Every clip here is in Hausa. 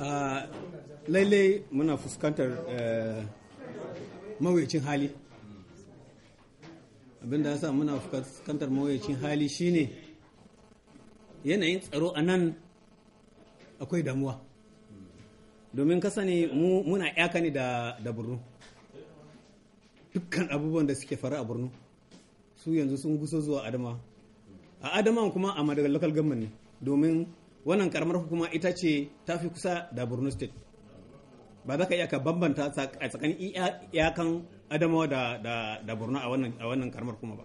Uh, lailai muna fuskantar uh, mawuyacin hali abinda ya sa muna fuskantar mawuyacin hali shine yanayin tsaro a nan akwai damuwa domin ka sani muna yaka ne da borno dukkan abubuwan da suke fara a borno su yanzu sun guso zuwa adama a adama kuma a madagal gamman ne domin wannan karamar hukuma ita ce ta fi kusa da borno state ba za ka iya ka bambanta a tsakanin iyakan adamawa da borno a wannan karamar hukuma ba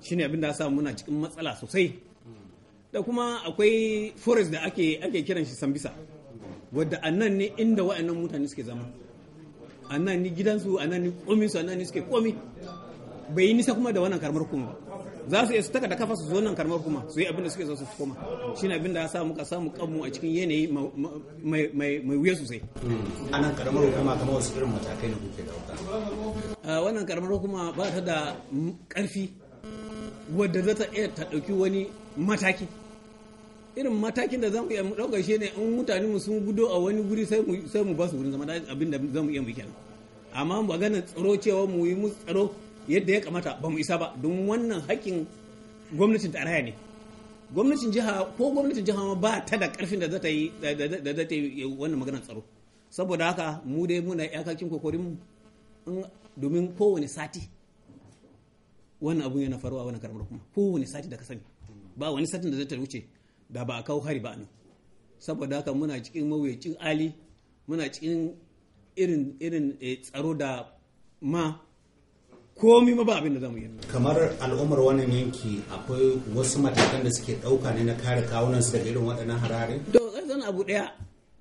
shine abin da sa muna cikin matsala sosai da kuma akwai forest da ake kiran shi sambisa wadda annan ne inda wa'annan mutane suke zama annan ni gidansu annan ni kominsu annan ni suke komi bai yi nisa kuma da wannan karamar hukuma ba za su iya su taka da kafa su zo nan karmar kuma su yi abin da suke so su koma ne abin da ya sa muka samu kanmu a cikin yanayi mai wuya sosai a nan karamar hukuma kamar wasu irin matakai da kuke dauka wannan karamar hukuma ba ta da karfi wadda za ta iya ta dauki wani mataki irin matakin da za mu iya mu dauka ne in mutane mu sun gudo a wani guri sai mu sai mu ba su wurin zama abin da za mu iya mu kenan amma ganin tsaro cewa mu yi mu tsaro yadda ya kamata ba mu isa ba don wannan hakkin gwamnatin tarayya ne gwamnatin jiha ko gwamnatin jiha ma ba ta da karfin da za ta yi da za ta yi wannan maganar tsaro saboda haka mu dai muna yakakin kokorin mu domin kowane sati wannan abun yana faruwa wannan karamar kuma kowane sati da ka sani ba wani satin da zai ta wuce da ba a kawo hari ba nan saboda haka muna cikin mawuyacin ali muna cikin irin irin eh, tsaro da ma komi ma ba abin da zamu yi kamar al'ummar wannan yanki akwai wasu matakan da suke dauka ne na kare kawunan su daga irin waɗannan harare to zan abu daya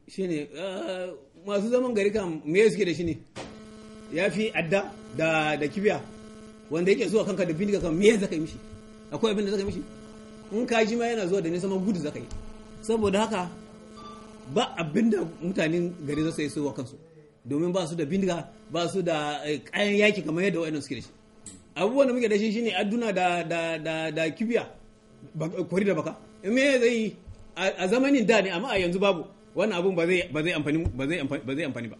shine eh, masu zaman gari kan me suke da shi ne Yafi, adda da da kibiya wanda yake zuwa kanka da bindiga kan me zaka yi mishi akwai abin da zaka yi mishi in ka ji ma yana zuwa da nisa ma gudu zaka yi saboda haka ba abin da mutanen gari za su yi wa kansu domin ba su da bindiga ba su da eh, kayan yaki kamar yadda wa'annan suke da shi abubuwan da muke da shi shine aduna da da da da kibiya kwari da baka me zai yi a zamanin da ne amma a yanzu babu wannan abun ba zai ba zai amfani ba zai amfani ba zai amfani ba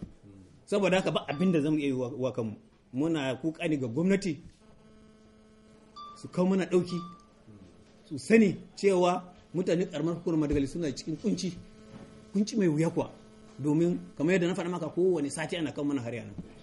saboda haka ba abin da zamu iya wa kanmu muna kokari ga gwamnati su kawo mana dauki su sani cewa mutane karamar hukumar madagali suna cikin kunci kunci mai wuya kuwa domin kamar yadda na faɗa maka kowane sati ana kan mana har yana